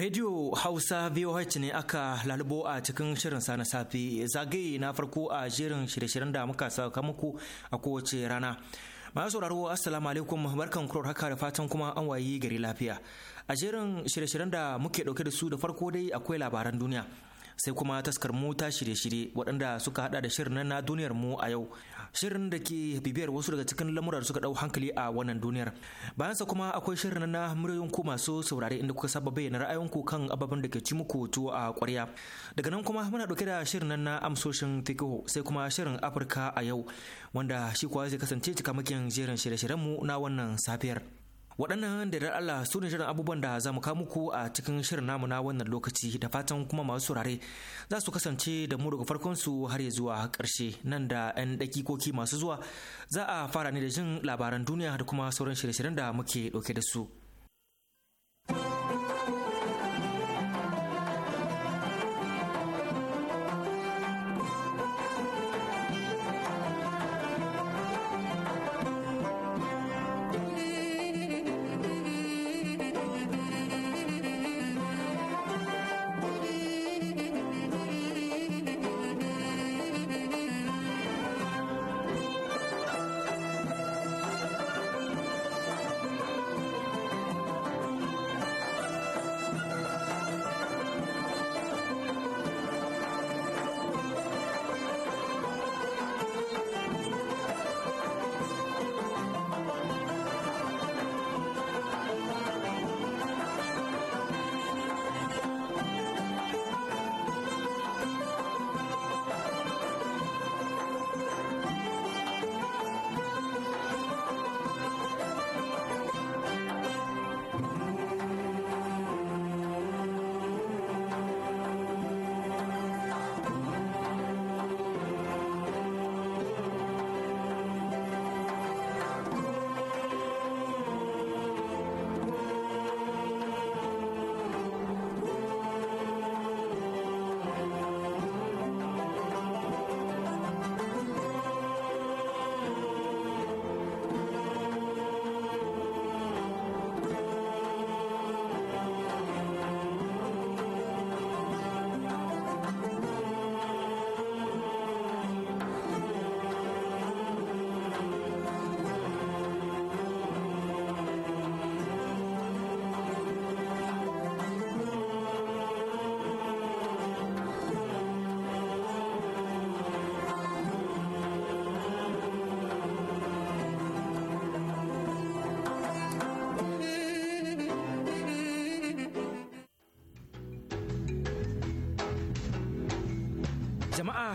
Radio Hausa VOH ne aka lalubo a cikin shirin sa na safe zagaye na farko a shirin shirye-shiryen da muka saka muku a kowace rana. Masu sauraro Assalamu alaikum barkan kuro haka da fatan kuma an wayi gari lafiya. A jerin shirye-shiryen da muke dauke da su da farko dai akwai labaran duniya sai kuma taskar mu ta shirye-shirye waɗanda suka hada da shirin na duniyar mu a yau shirin da ke bibiyar wasu daga cikin lamura da suka dau hankali a wannan duniyar bayan sa kuma akwai shirin na muryoyin ku masu saurare inda kuka saba bayyana ra'ayinku kan ababen da ke ci muku tuwo a kwarya daga nan kuma muna dauke da shirin na amsoshin tekiho sai kuma shirin afirka a yau wanda shi kuwa zai kasance cikamakin jerin shirye-shiryenmu na wannan safiyar. waɗannan da Allah su ne shirin abubuwan da za mu muku a cikin shirin namu na wannan lokaci da fatan kuma masu saurare za su kasance da mu daga farkon su har ya zuwa ƙarshe nan da 'yan dakikoki masu zuwa za a fara ne da jin labaran duniya da kuma sauran shirye-shiryen da muke ɗauke da su.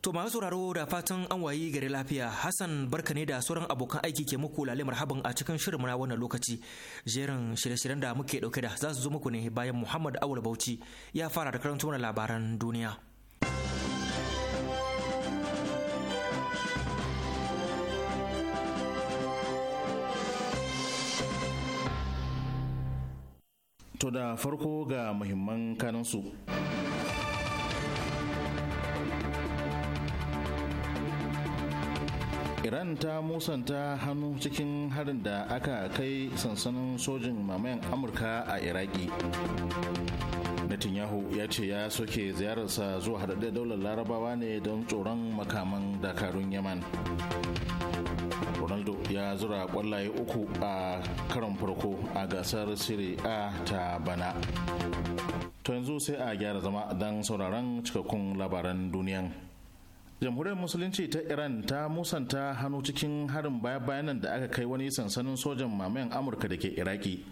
To masu sauraro da fatan an wayi gari lafiya Hassan barka ne da sauran abokan aiki ke muku lalle marhaban a cikin shirin na wannan lokaci. Jerin shirye-shiryen da muke dauke da za su zo muku ne bayan Muhammad Awul Bauchi ya fara da karanta mana labaran duniya. To da farko ga muhimman kanansu. su. iran ta musanta hannu cikin harin da aka kai sansanin sojin mamayan amurka a iraki netanyahu ya ce ya soke ziyararsa zuwa haɗaɗɗen daular larabawa ne don tsoron makaman dakarun yaman ronaldo ya zura kwallaye uku a karon farko a gasar serie a ta bana to yanzu sai a gyara zama don sauraron cikakkun labaran duniyan. jamhuriyar musulunci ta iran ta musanta hannu cikin harin baya-bayanan da aka kai wani sansanin sojan mamayan amurka da ke iraki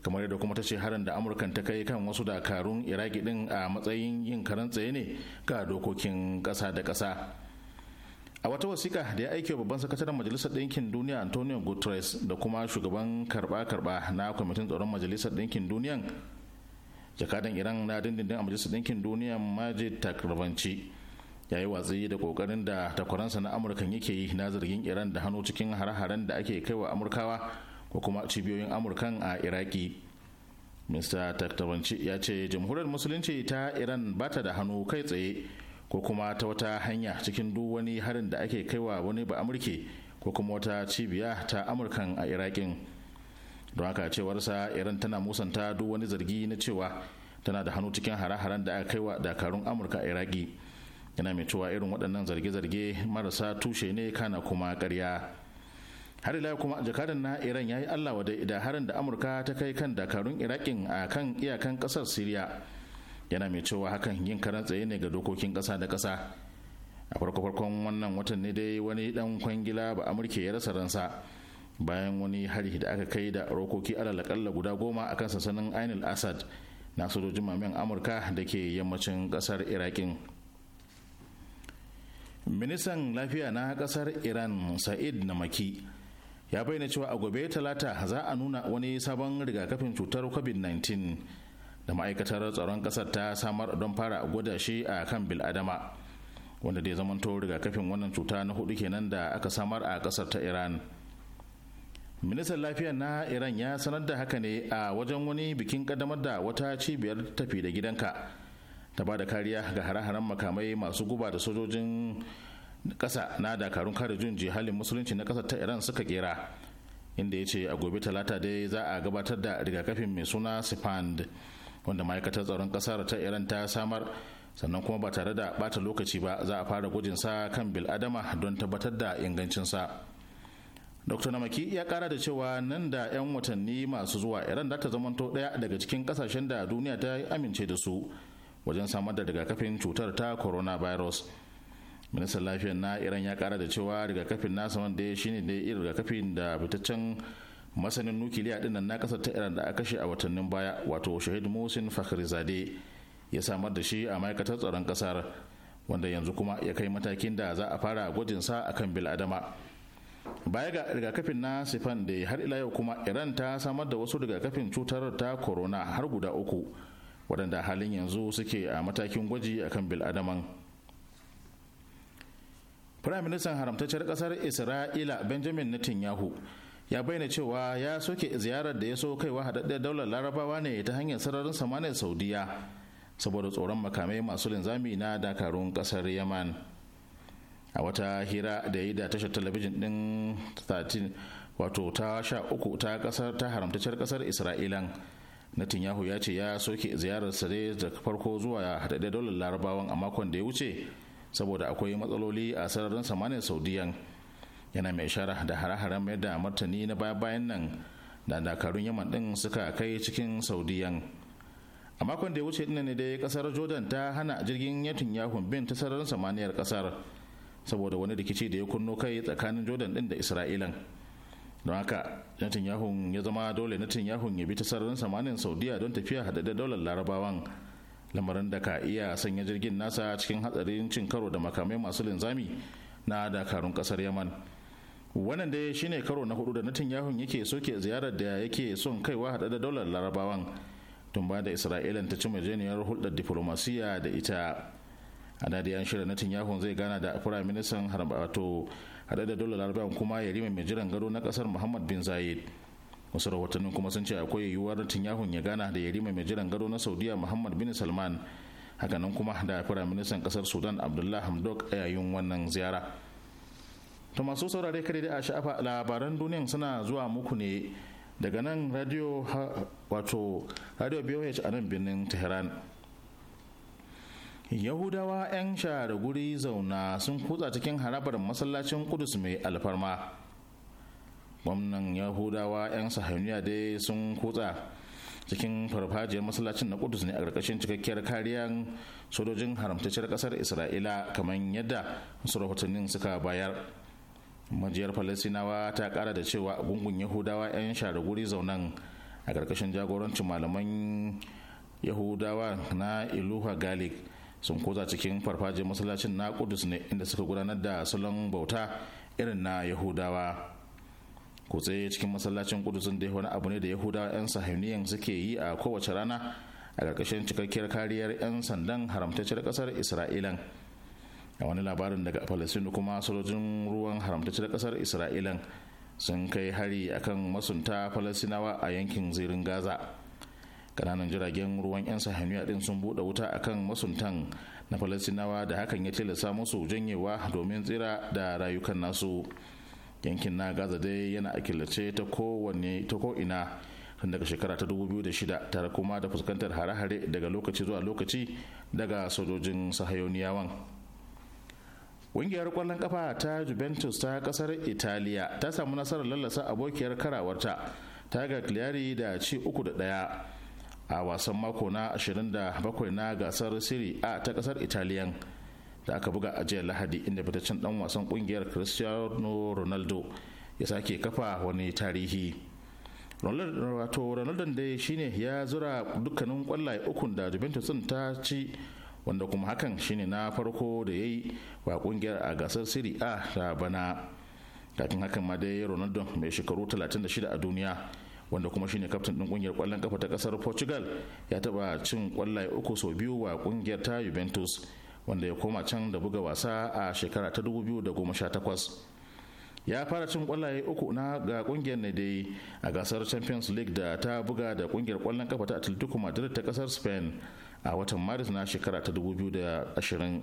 kamar yadda kuma ta ce harin da amurkan ta kai kan wasu dakarun iraki din a matsayin yin karan tsaye ne ga dokokin kasa da kasa a wata wasiƙa da ya aiki babban sakataren majalisar ɗinkin duniya antonio guterres da kuma shugaban karba-karba na kwamitin tsaron majalisar ɗinkin duniyan jakadan iran na dindindin a majalisar ɗinkin duniya majid takrabanci ya yi watsi da kokarin da takwaransa na amurka yake yi na zargin iran da hannu cikin hare-haren da ake kai wa amurkawa ko kuma cibiyoyin amurkan a iraki mr taktabanci ya ce jamhuriyar musulunci ta iran ba ta da hannu kai tsaye ko kuma ta wata hanya cikin duk wani harin da ake kai wa wani ba amurke ko kuma wata cibiya ta amurkan a irakin don haka cewarsa iran tana musanta duk wani zargi na cewa tana da hannu cikin hare-haren da aka kai wa dakarun amurka a iraki yana mai cewa irin waɗannan zarge-zarge marasa tushe ne kana kuma karya har ila kuma jakadan na iran ya yi allah dai da harin da amurka ta kai kan dakarun irakin a kan iyakan ƙasar siriya yana mai cewa hakan yin karan tsaye ne ga dokokin kasa da kasa a farko farkon wannan watan ne dai wani dan kwangila ba amurke ya rasa ransa bayan wani hari da aka kai da rokoki alalakalla guda goma a kan sansanin ainihin asad na sojojin mamiyan amurka da ke yammacin ƙasar irakin ministan lafiya na kasar iran sa'id na maki ya bayyana cewa a gobe talata za a nuna wani sabon rigakafin cutar covid-19 da ma'aikatar tsaron kasar ta samar don fara gwada shi a kan biladama wanda dai zamanto rigakafin wannan cuta na hudu kenan da aka samar a kasar ta iran ministan lafiya na iran ya sanar da haka ne a wajen wani bikin kaddamar da wata cibiyar tafi da gidanka ta ba da kariya ga hare-haren makamai masu guba da sojojin kasa na dakarun kare jun halin musulunci na kasar ta iran suka kera inda ya ce a gobe talata dai za a gabatar da rigakafin mai suna sifand wanda ma'aikatar tsaron kasar ta iran ta samar sannan kuma ba tare da bata lokaci ba za a fara gwajin sa kan bil adama don tabbatar da ingancin sa, dr namaki ya kara da cewa nan da 'yan watanni masu zuwa iran za ta zamanto daya daga cikin kasashen da duniya ta amince da su wajen samar da rigakafin cutar ta coronavirus ministan lafiyar na iran ya kara da cewa rigakafin nasa wanda ya shine da irin rigakafin da fitaccen masanin nukiliya dinnan na kasar ta iran da aka kashe a watannin baya wato shahid musin fakhrizade ya samar da shi a ma'aikatar tsaron kasar wanda yanzu kuma ya kai matakin da za a fara gwajin sa akan adama. baya ga rigakafin na sifan da har ila yau kuma iran ta samar da wasu rigakafin cutar ta corona har guda uku waɗanda halin yanzu suke a matakin gwaji a kan bil'adaman firaministan haramtaccen kasar isra'ila benjamin netanyahu ya bayyana cewa ya soke ziyarar da ya so kaiwa haɗaɗɗiyar daular larabawa ne ta hanyar sararin samaniyar saudiya saboda tsoron makamai masu linzami na dakarun ƙasar yaman a wata hira da yi da tashar talabijin ɗin 13 wato ta sha uku ta haramtaccen ta ƙasar isra'ilan Netanyahu ya ce ya soke ziyarar sare da farko zuwa haɗaɗɗen dolar larabawan a makon da ya wuce saboda akwai matsaloli a sararin samanin saudiyan yana mai shara da hare-haren mai da martani na baya-bayan nan da dakarun yaman ɗin suka kai cikin saudiyan a makon da ya wuce ne dai kasar jordan ta hana jirgin yatin yahun bin ta sararin samaniyar kasar saboda wani rikici da ya kunno kai tsakanin jordan ɗin da isra'ilan don haka netanyahu ya zama dole netanyahu ya bi ta sararin samanin saudiya don tafiya haɗaɗɗen daular larabawan lamarin da ka iya sanya jirgin nasa cikin hatsarin cin karo da makamai masu linzami na dakarun kasar yaman wannan dai shine karo na hudu da netanyahu yake soke ziyarar da yake son kaiwa da daular larabawan tun ba da isra'ila ta ci majeniyar hulɗar diplomasiya da ita a dadiyan shirin netanyahu zai gana da firayim ministan harbato haɗe da dole larabawan kuma yarima mai jiran gado na kasar muhammad bin zayed wasu rahotannin kuma sun ce akwai yiwuwar tun yahun ya gana da yarima mai jiran gado na saudiya muhammad bin salman hakanan kuma da firaministan ƙasar sudan abdullah hamdok a yayin wannan ziyara to masu saurare kare da a sha'afa labaran duniyan suna zuwa muku ne daga nan radio wato radio bioh a nan birnin tehran yahudawa 'yan share guri zauna sun kutsa cikin harabar masallacin kudus mai alfarma gwamnan yahudawa 'yan sahaniya dai sun kutsa cikin farfajiyar masallacin na kudus ne a ƙarƙashin cikakkiyar kariyar sojojin haramtacciyar ƙasar isra'ila kamar yadda wasu rahotannin suka bayar majiyar falasinawa ta ƙara da cewa gungun yahudawa 'yan share guri zaunan a ƙarƙashin jagorancin malaman yahudawa na iluha galik sun koza cikin farfajiyar masallacin na kudus ne inda suka gudanar da salon bauta irin na yahudawa kutse cikin masallacin kudus da wani abu ne da yahudawa 'yan sahiniyan suke yi a kowace rana a ƙarƙashin cikakkiyar kariyar 'yan sandan haramtacciyar ƙasar isra'ilan a wani labarin daga falasini kuma sojojin ruwan haramtacciyar ƙasar isra'ilan sun kai hari akan masunta falasinawa a yankin zirin gaza kananan jiragen ruwan 'yan sahamiya din sun bude wuta akan masuntan na falastinawa da hakan ya tilasta musu janyewa domin tsira da rayukan nasu yankin na gaza dai yana a killace ta kowane ta ko'ina tun daga shekara ta 2006 tare kuma da fuskantar hare-hare daga lokaci zuwa lokaci daga sojojin sahayoniyawan Ƙungiyar ƙwallon kafa ta Juventus ta ƙasar Italiya ta samu nasarar lallasa abokiyar karawarta ta ga da ci uku da ɗaya a wasan mako na 27 na gasar siri a ta kasar italiyan da aka buga a jiya lahadi inda fitaccen dan wasan kungiyar cristiano ronaldo ya sake kafa wani tarihi wato ronaldo da shine ya zura dukkanin kwallaye ukun da juventus ta ci wanda kuma hakan shine na farko da ya yi wa kungiyar a gasar siri a ta bana kafin hakan ma dai ronaldo mai shekaru 36 a duniya wanda kuma shine kaftin din kungiyar kwallon kafa ta kasar portugal ya taba cin kwallaye uku sau biyu wa kungiyar ta juventus wanda ya koma can da buga wasa a shekara ta 2018 ya fara cin kwallaye uku na ga kungiyar ne dai a gasar champions league da ta buga da kungiyar kwallon kafa ta atletico madrid ta kasar spain a watan maris na shekara ta 2020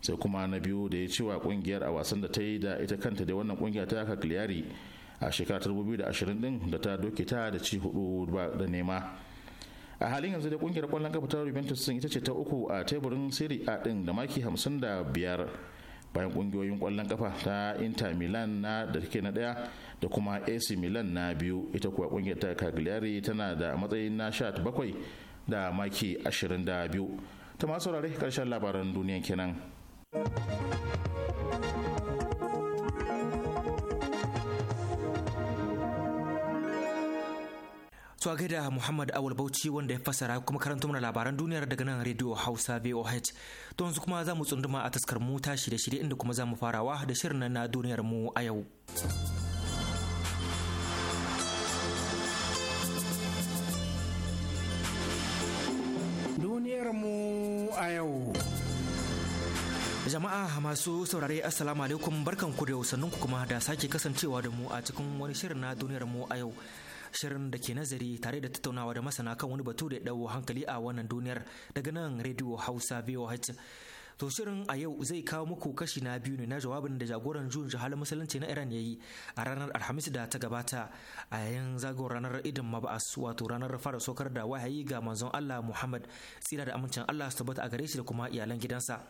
sai kuma na biyu da ya ci wa kungiyar a wasan da ta yi da ita kanta da wannan kungiya ta kakliyari. a shekara 2020 din da ta doke ta da ci hudu da nema a halin yanzu da kungiyar kwallon kafa ta Juventus sun ita ce ta uku a teburin Serie A din da maki 55 bayan kungiyoyin kwallon kafa ta Inter Milan na da take na daya da kuma AC Milan na biyu ita kuwa kungiyar ta Cagliari tana da matsayin na 17 da maki 22 ta masu karshen labaran duniya kenan. To a gaida Muhammad Awul Bauchi wanda ya fasara kuma karanta mana labaran duniyar daga nan Radio Hausa VOH. To yanzu kuma za mu tsunduma a taskar mu ta shirye-shirye inda kuma za mu farawa da shirin na duniyar mu a yau. Duniyar mu a yau. Jama'a masu saurare Assalamu alaikum barkan ku da sannunku kuma da sake kasancewa da mu a cikin wani shirin na duniyar mu a yau. shirin da ke nazari tare da tattaunawa da masana kan wani batu da ya dawo hankali a wannan duniyar daga nan rediyo hausa voh to shirin a yau zai kawo muku kashi na biyu ne na jawabin da jagoran jun jihar musulunci na iran ya yi a ranar alhamis da ta gabata a yayin zagon ranar idin maba'as wato ranar fara sokar da wahayi ga manzon allah muhammad tsira da amincin allah su tabbata a gare shi da kuma iyalan gidansa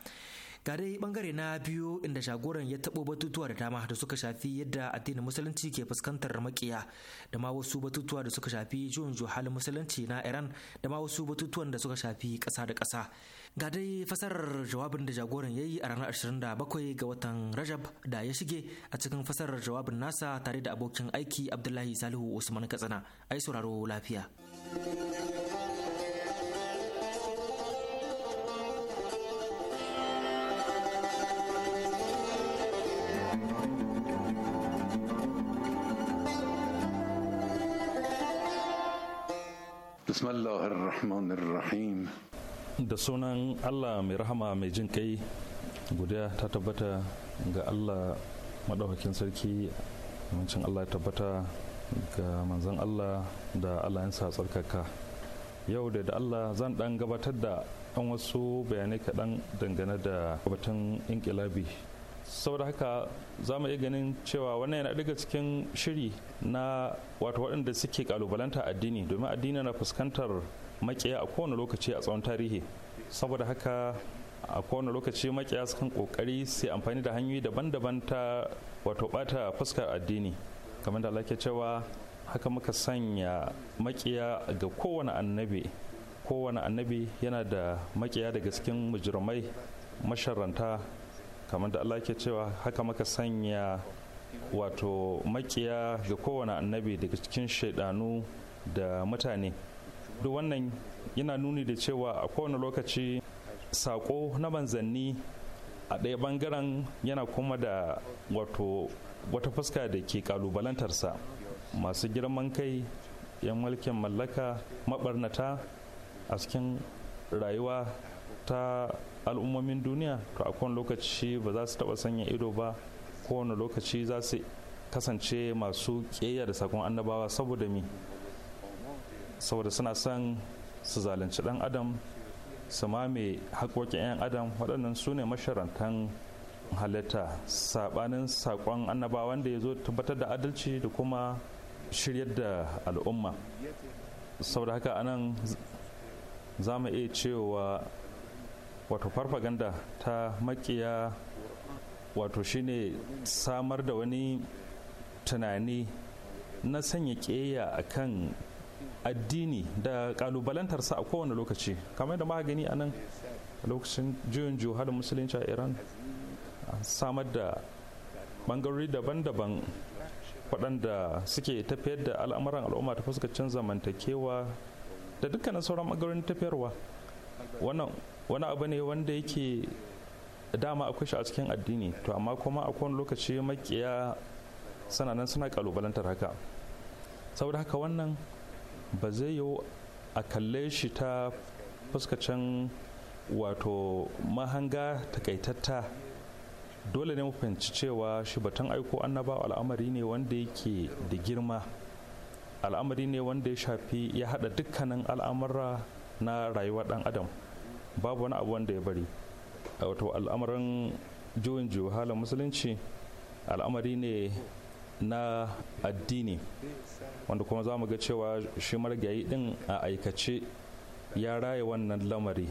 ga dai bangare na biyu inda shagoran ya taɓo batutuwa da dama da suka shafi yadda addinin musulunci ke fuskantar makiya da ma wasu batutuwa da suka shafi juyin halin musulunci na iran da ma wasu batutuwan da suka shafi ƙasa da ƙasa ga dai fasarar jawabin da jagoran ya yi a ranar 27 ga watan rajab da ya shige a cikin fasarar jawabin nasa tare da abokin aiki abdullahi salihu usman katsina ai sauraro lafiya الله الرحمن الرحيم da sunan allah mai rahama mai jin kai guda ta tabbata ga allah maɗaukakin sarki wancan allah ya tabbata ga manzon allah da allah yansa tsarkaka yau da da allah zan dan gabatar da an wasu bayanai kaɗan dangane da batun inkilabi saboda haka za mu iya ganin cewa wannan yana daga cikin shiri na wato waɗanda suke kalubalanta addini domin addini na fuskantar makiya a kowane lokaci a tsawon tarihi saboda haka a kowane lokaci makiya sukan kokari su amfani da hanyoyi daban-daban ta wato bata fuskar addini kamar da Allah ke cewa haka muka sanya makiya ga kowane annabi kowane annabi yana da makiya daga cikin mujirmai masharanta kamar da Allah ke cewa haka maka sanya wato makiya ga kowane annabi daga cikin shaidanu da mutane duk wannan yana nuni da cewa a kowane lokaci saƙo na manzanni a ɗaya bangaren yana kuma da wato wata fuska da ke ƙalubalantarsa masu girman kai 'yan mulkin mallaka mabarnata a cikin rayuwa ta al'ummomin duniya to a kowane lokaci ba za su taba sanya ido ba kowane lokaci za su kasance masu keya da sakon annabawa saboda mi saboda suna son su zalunci dan adam su mame haƙoƙin 'yan adam waɗannan su ne masharantan halitta saɓanin saƙon annabawa wanda ya zo tabbatar da adalci da kuma shiryar da al'umma saboda haka anan za mu iya cewa wato farfaganda ta makiya wato shine samar da wani tunani na sanya keya a kan addini da kalubalantarsa a kowane lokaci kamar da magani a nan lokacin juyin juhalin musulunci a iran samar da bangarori daban-daban waɗanda suke tafiyar da al'amuran al'umma ta fuskacin zamantakewa da dukkanin sauran bangarori tafiyarwa wannan wani abu ne wanda yake dama akwai shi a cikin addini to amma kuma a kowane lokaci makiya sananan nan suna kalubalantar haka saboda haka wannan ba zai yiwu a kalle shi ta fuskacin wato mahanga takaitatta dole ne mu fahimci cewa shi batun aiko annaba al'amari ne wanda yake da girma al'amari ne wanda ya shafi ya hada dukkanin al'amura na rayuwar dan adam babu wani abu wanda ya bari a wato al'amarin juyin juyo halin musulunci al'amari ne na addini wanda kuma za mu ga cewa shi marigayi din a aikace ya raye wannan lamari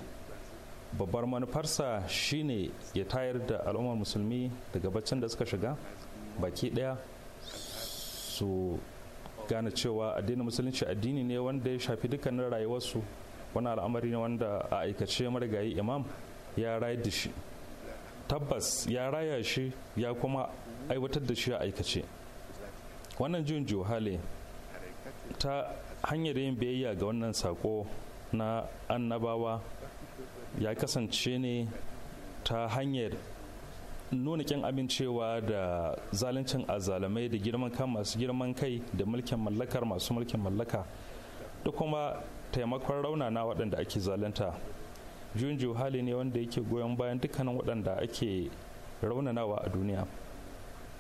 babbar manufarsa shine ya tayar da al'ummar musulmi daga baccin da suka shiga baki daya su gane cewa addinin musulunci addini ne wanda ya shafi dukkanin rayuwarsu wani al'amari ne wanda a aikace marigayi imam ya rayar da shi tabbas ya raya shi ya kuma aiwatar da shi a aikace wannan jin juhale ta hanyar yin biyayya ga wannan sako na annabawa ya kasance ne ta hanyar nuna kyan amincewa da zaluncin azalamai da girman kan masu girman kai da mulkin mallakar masu mulkin mallaka da kuma taimakon raunana waɗanda ake zalunta junju hali ne wanda yake goyon bayan dukkanin waɗanda ake raunanawa a duniya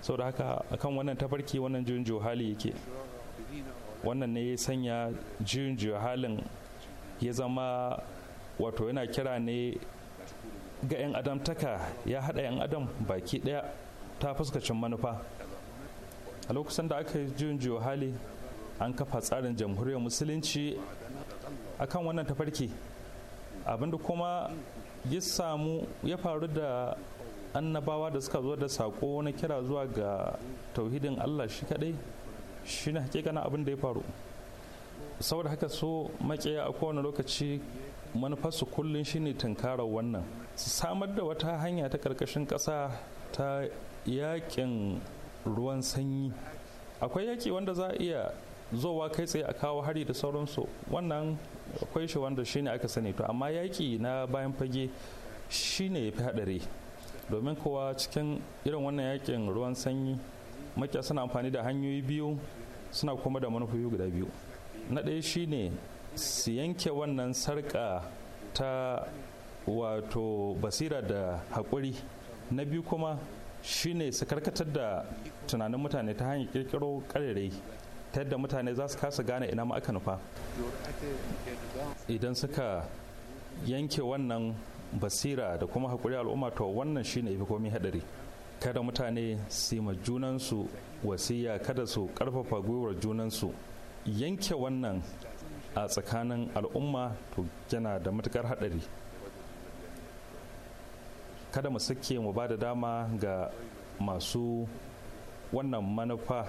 saboda haka akan wannan tafarki wannan junju hali yake wannan ne ya sanya junju halin ya zama wato yana kira ne ga 'yan adamtaka ya haɗa 'yan adam baki ɗaya ta fuskacin manufa a lokacin da aka yi junju hali an kafa tsarin jamhuriyar musulunci akan wannan tafarki abinda kuma ya samu ya faru da annabawa da suka zo da sako na kira zuwa ga tauhidin allah shi kadai shi ne hakikanin abin da ya faru saboda haka so makiya a kowane lokaci manufarsu kullum ne tunkarar wannan samar da wata hanya ta karkashin ƙasa ta yaƙin ruwan sanyi akwai yaki wanda za a iya zowa kai tsaye a kawo hari da sauransu wannan akwai shi wanda shine aka sani to amma yaƙi na bayan fage shine ya fi haɗari domin kowa cikin irin wannan yakin ruwan sanyi makiya suna amfani da hanyoyi biyu suna kuma da manufofi guda biyu na ɗaya shine su yanke wannan sarƙa ta wato basira da haƙuri na biyu kuma shine su karkatar da tunanin mutane ta hanyar ƙirƙiro ƙarerai ta yadda mutane za su kasa gane ina ma aka nufa idan suka yanke wannan basira da kuma haƙuri al'umma to wannan shine ne komai hadari kada mutane su ma junansu wasiya kada su ƙarfafa gwiwar junansu yanke wannan a tsakanin al'umma to yana da matukar hadari kada mu sake mu ba da dama ga masu wannan manufa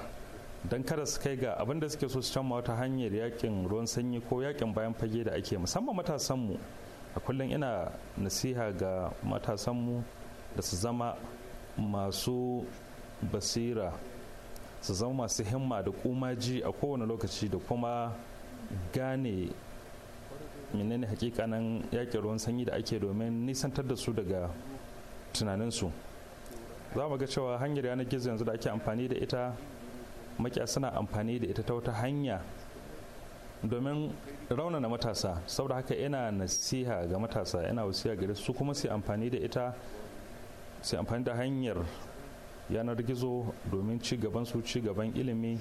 don kada su kai ga abin da suke so su canma wata hanyar yakin ruwan sanyi ko yakin bayan fage da ake musamman matasanmu a kullum ina nasiha ga matasanmu da su zama masu basira su zama masu himma da kumaji a kowane lokaci da kuma gane menene hakikanin yakin ruwan sanyi da ake domin nisantar da su daga tunaninsu za mu ga cewa hanyar yanar gizo yanzu da ake amfani da ita makiya suna amfani da ita ta wata hanya domin raunana matasa saboda haka yana nasiha ga matasa yana wasiya gare su kuma sai amfani da ita sai amfani da hanyar yanar gizo domin ci gaban su ci gaban ilimi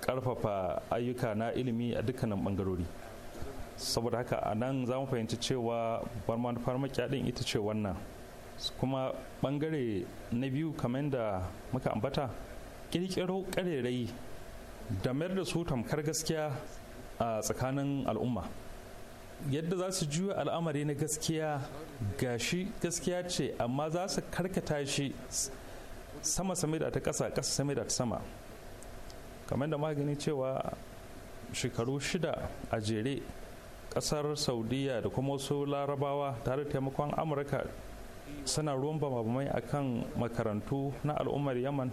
karfafa ayyuka na ilimi a dukkanin bangarori saboda haka a nan za mu fahimci cewa manufar makiya din ita ce wannan kuma bangare na biyu kamar da muka ambata kirkiro karerai da mayar da su tamkar gaskiya a tsakanin al'umma yadda za su juya al'amari na gaskiya ga shi gaskiya ce amma za su karkata shi sama same da ta ƙasa ƙasa same da ta sama kamar da magani cewa shekaru shida a jere ƙasar saudiya da kuma wasu larabawa tare da taimakon amurka suna ruwan a akan makarantu na al'ummar yaman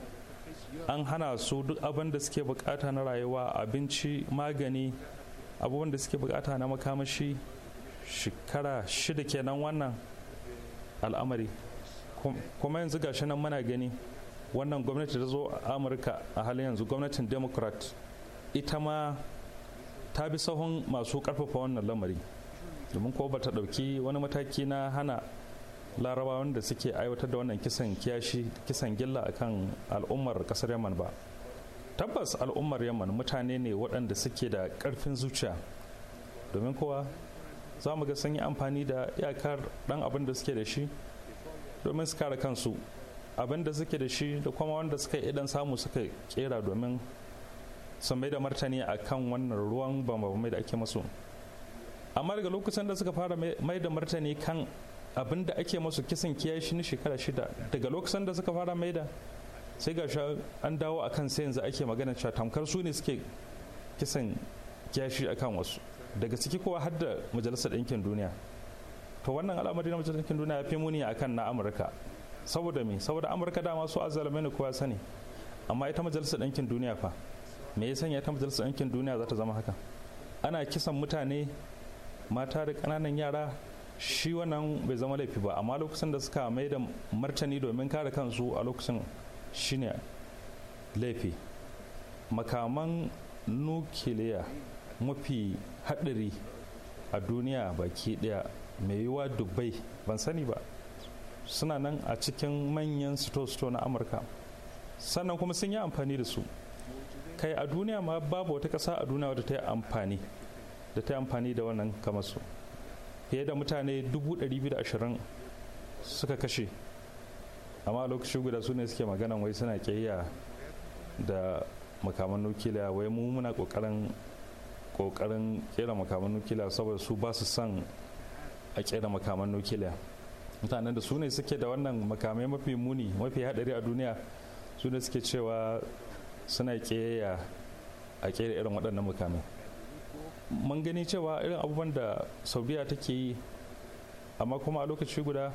an hana su duk abin da suke bukata na rayuwa abinci magani abubuwan da suke bukata na makamashi shekara shida kenan wannan al'amari kuma yanzu gashi nan muna gani wannan gwamnati ta zo a amurka a halin yanzu gwamnatin democrat ita ma ta bi sahun masu karfafa wannan lamari domin ko ba ta ɗauki wani mataki na hana larabawan da suke aiwatar da wannan kisan kiyashi kisan gilla akan al'ummar kasar yaman ba tabbas al'ummar yaman mutane ne waɗanda suke da ƙarfin zuciya domin kowa za mu ga sun yi amfani da iyakar ɗan abin da suke da shi domin su kare kansu abin da suke da shi da kuma wanda suka idan samu suka kera domin su mai da martani a kan wannan ruwan bambamai da ake masu amma daga lokacin da suka fara mai da martani kan abinda ake masu kisan kiyashi na shekara shida daga lokacin da suka fara maida sai ga sha an dawo a kan sai yanzu ake magana cewa tamkar su ne suke kisan kiyashi akan wasu daga ciki kowa har da majalisar ɗinkin duniya to wannan al'amari na majalisar ɗinkin duniya ya fi muni a kan na amurka saboda me saboda amurka dama su azzalame ne kowa sani amma ita majalisar ɗinkin duniya fa me ya sanya ita majalisar ɗinkin duniya za ta zama haka ana kisan mutane mata da ƙananan yara shi wannan bai zama laifi ba amma lokacin da suka mai da martani domin kare kansu a lokacin shine laifi makaman nukiliya mafi haɗari a duniya baki daya mai yiwa dubbai ban sani ba suna nan a cikin manyan sito-sito na amurka sannan kuma sun yi amfani da su kai a duniya ma babu wata ƙasa a duniya wadda ta yi amfani da ta yi amfani da wannan kamar su fiye da mutane 220 suka kashe amma lokaci guda su ne suke maganan wai suna kiyaya da makaman nukiliya wai mu muna kokarin kokarin kera makaman nukiliya saboda su ba su son a kera makaman nukiliya mutanen da su ne suke da wannan makamai mafi muni mafi hadari a duniya su ne suke cewa suna kiyaya a kera irin waɗannan makamai mun gani cewa irin abubuwan da saudiya take yi amma kuma a lokaci guda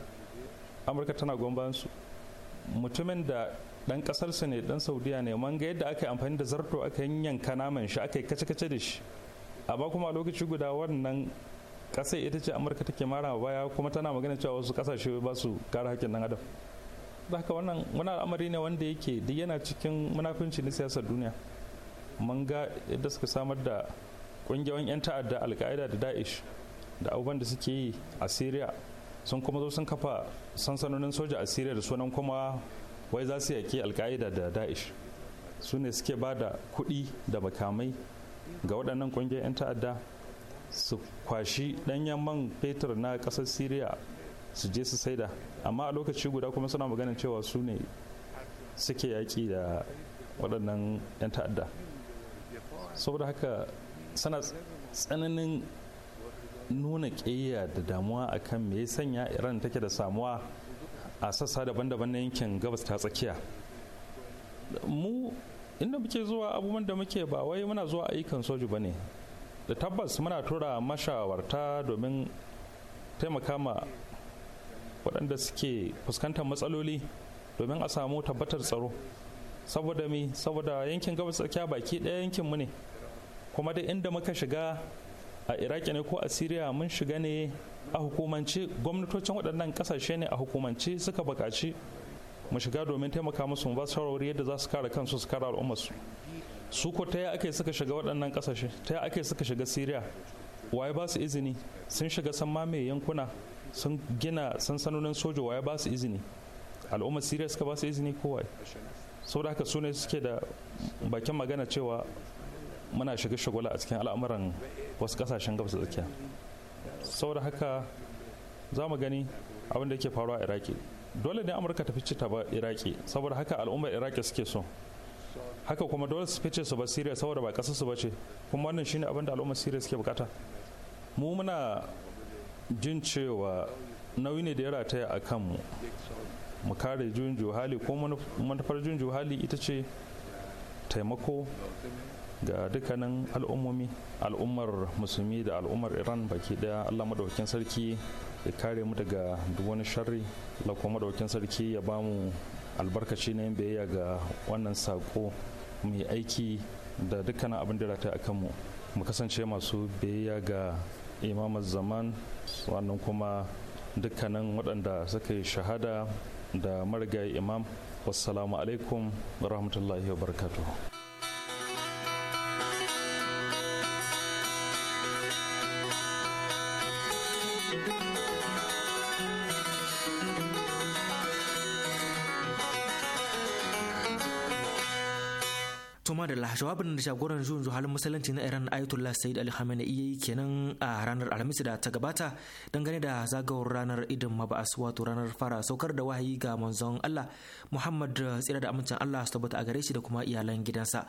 amurka tana gwamban su mutumin da dan kasarsa ne dan saudiya ne man ga yadda aka yi amfani da zarto aka yanka naman shi aka yi kace-kace da shi amma kuma a lokaci guda wannan kasar ita ce amurka take mara baya kuma tana magana cewa wasu kasashe ba su kare hakkin dan adam haka wannan wani al'amari ne wanda yake duk yana cikin munafunci na siyasar duniya mun ga yadda suka samar da ƙungiyoyin 'yan ta'adda alka'ida da da'ish da abubuwan da suke yi a syria sun kuma zo sun kafa sansanonin soja a syria da sunan kuma wai za su yaƙi alka'ida da da'ish su ne suke ba da kuɗi da makamai ga waɗannan ƙungiyoyin 'yan ta'adda su kwashi ɗanyen man fetur na ƙasar syria su je su saida amma a lokaci guda kuma suna maganin cewa su ne suke yaƙi da waɗannan 'yan ta'adda saboda haka sana tsananin nuna ƙiyya da damuwa akan me ya sanya iran take da samuwa a sassa daban-daban na yankin gabas ta tsakiya mu inda muke zuwa abubuwan da muke ba wai muna zuwa ayyukan soji ba ne da tabbas muna tura mashawarta domin taimaka ma waɗanda suke fuskantar matsaloli domin a samu tabbatar tsaro saboda mi saboda yankin gabas tsakiya baki ɗaya yankin mu ne kuma da inda muka shiga a iraki ne ko a siriya mun shiga ne a hukumance gwamnatocin waɗannan ƙasashe ne a hukumance suka buƙaci mu shiga domin taimaka musu mu ba su shawarwari yadda za su kare kansu su kare al'ummarsu su ko ta ake suka shiga waɗannan ƙasashe ta ake suka shiga siriya waye ba su izini sun shiga san mame yankuna sun gina sansanonin soja waye ba su izini al'ummar siriya suka ba su izini kowai sau saboda haka su ne suke da bakin magana cewa muna shiga shagwala a cikin al'amuran wasu kasashen gabas tsakiya saboda haka za mu gani abin da yake faruwa a iraki dole ne amurka ta fice ta ba iraki saboda haka al'ummar iraki suke so haka kuma dole su fice su ba siriya saboda ba kasar su bace kuma wannan shine abin da al'ummar siriya suke bukata mu muna jin cewa nauyi ne da ya rataya a kanmu mu kare juyin juhali ko manufar juyin juhali ita ce taimako ga dukkanin al'ummomi al'ummar musulmi da al'ummar iran baki daya allah madaukakin sarki ya kare mu daga duk wani sharri allah madaukakin sarki ya bamu albarkaci na yin biyayya ga wannan sako mai aiki da dukkanin abin da rata a kanmu mu kasance masu biyayya ga imam zaman wannan kuma dukkanin waɗanda suka yi shahada da marigayi imam wassalamu alaikum wa rahmatullahi wa barkatu. Tuma da jawabin da jagoran juyin halin musulunci na Iran Ayatollah Said Ali Khamenei yayi kenan a ranar Alhamis da ta gabata dangane da zagawar ranar idin mabas wato ranar fara saukar da wahayi ga manzon Allah Muhammad tsira da amincin Allah su tabbata a gare shi da kuma iyalan gidansa.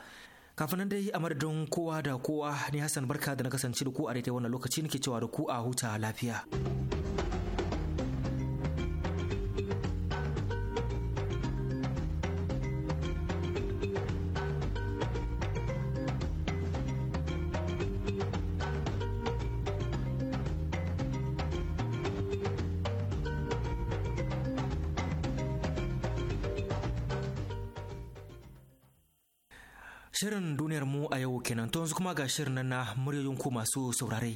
kafin nan dai a madadin kowa da kowa ni hassan barka da na kasance da ku a daidai wannan lokaci nake cewa da ku a huta lafiya ga shirin na muryoyin ku masu saurare.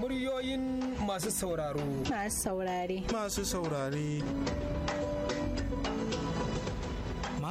Muryoyin masu sauraro. Masu saurare. Masu saurare.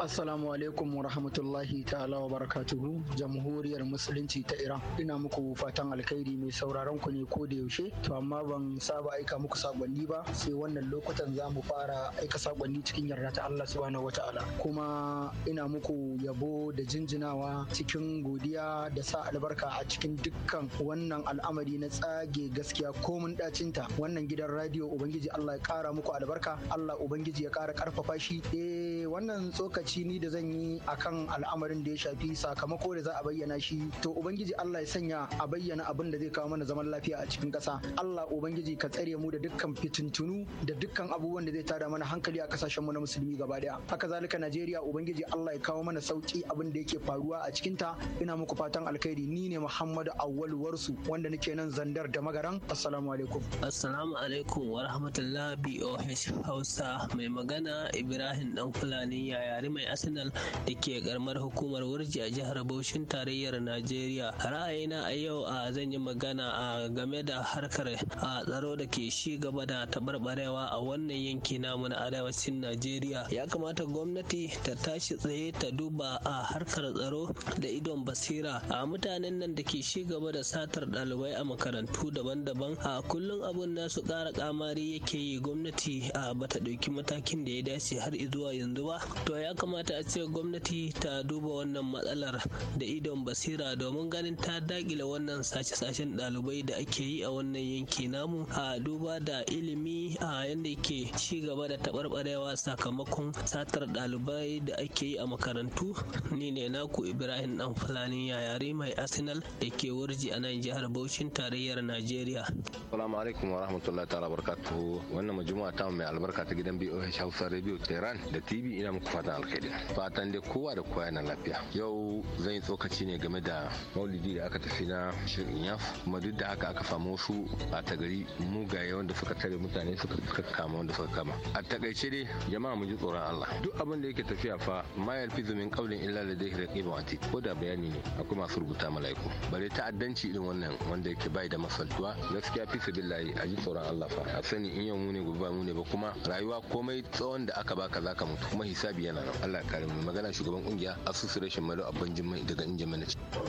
Assalamu alaikum wa rahmatullahi ta'ala wa barakatuhu jamhuriyar musulunci ta Iran. Ina muku fatan alkhairi mai sauraron ku ne ko da yaushe to amma ban saba aika muku sakonni ba sai wannan lokutan za mu fara aika sakonni cikin yarda ta Allah subhanahu ta'ala. Kuma ina muku yabo da jinjinawa cikin godiya da sa albarka a cikin dukkan wannan al'amari na tsage gaskiya ko mun ɗacinta. wannan gidan radio ubangiji Allah ya kara muku albarka Allah ubangiji ya kara karfafa shi eh wannan tsokaci lokaci ni da zan yi akan al'amarin da ya shafi sakamako da za a bayyana shi to ubangiji Allah ya sanya a bayyana abin da zai kawo mana zaman lafiya a cikin ƙasa Allah ubangiji ka tsare mu da dukkan fitintunu da dukkan abubuwan da zai tada mana hankali a kasashen mu na musulmi gaba daya haka zalika Najeriya ubangiji Allah ya kawo mana sauki abin da yake faruwa a cikin ta ina muku fatan alkhairi ni ne Muhammadu Awwal Warsu wanda nake nan zandar da magaran assalamu alaikum assalamu alaikum wa rahmatullah BOH Hausa mai magana Ibrahim dan Fulani yari. mai arsenal da ke karamar hukumar wurji a jihar Bauchin tarayyar najeriya ra'ayina a yau a zan yi magana a game da harkar a tsaro da ke shi gaba da tabarbarewa a wannan yanki namu na arewacin najeriya ya kamata gwamnati ta tashi tsaye ta duba a harkar tsaro da idon basira a mutanen nan da ke shi gaba da satar ɗalibai a makarantu daban-daban a kullum abun nasu ƙara kamari yake yi gwamnati a bata ɗauki matakin da ya dace har zuwa yanzu ba to ya kamata a ce gwamnati ta duba wannan matsalar da idon basira domin ganin ta dakile wannan sace-sacen ɗalibai da ake yi a wannan yanki namu a duba da ilimi a yadda ke ci gaba da taɓarɓarewa sakamakon satar ɗalibai da ake yi a makarantu ni ne naku ibrahim dan fulani yayari mai arsenal da ke wurji a nan jihar Bauchin tarayyar najeriya salamu alaikum wa rahmatullahi ta'ala barkatuhu wannan majmu'a ta mai albarka ta gidan BOH Hausa Radio Tehran da TV ina muku fatan kai fatan dai kowa da kowa yana lafiya yau zan yi tsokaci ne game da maulidi da aka tafi na shirin yaf kuma duk da haka aka samu wasu a tagari mugaye wanda suka tare mutane suka kama wanda suka kama a takaice dai jama'a mu ji tsoron Allah duk abin da yake tafiya fa ma yalfi zumin qaulin illa ladayhi raqibun atid ko da bayani ne akwai masu rubuta malaiku bare ta'addanci irin wannan wanda yake bai da masaltuwa gaskiya fi sabilillahi a ji tsoron Allah fa a sani in yau mu ne gobe ba mu ne ba kuma rayuwa komai tsawon da aka baka zaka mutu kuma hisabi yana nan Allah kare mu magana shugaban kungiya association malo abban jimai daga injimai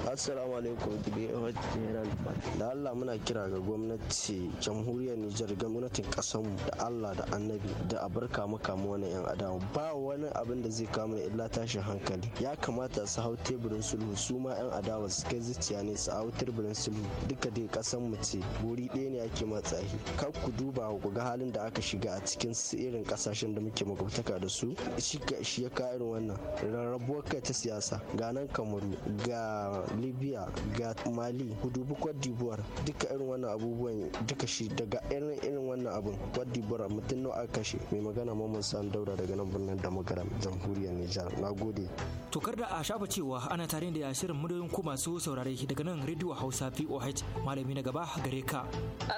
assalamu alaikum gibe general da Allah muna kira ga gwamnati jamhuriyar Nijar gwamnatin kasar mu da Allah da annabi da abarka maka mu wani yan adawa ba wani abin da zai kawo mana illa tashin hankali ya kamata su hau teburin sulhu su ma yan adawa su kai zuciya ne su hau teburin sulhu duka dai kasan mu ce wuri ɗaya ne ake matsayi kar ku duba ku ga halin da aka shiga a cikin irin kasashen da muke magabtaka da su shi ya kuka irin wannan rarrabuwar kai ta siyasa ga nan kamaru ga libya ga mali hudubu d'Ivoire duka irin wannan abubuwan duka shi daga irin irin wannan abun cote d'ivoire mutum nawa kashe mai magana mamman san daura daga nan birnin damagaram jamhuriyar nijar na gode to da a shafa cewa ana tare da shirin muryoyin ku masu saurare daga nan rediyo hausa voh malami na gaba gare ka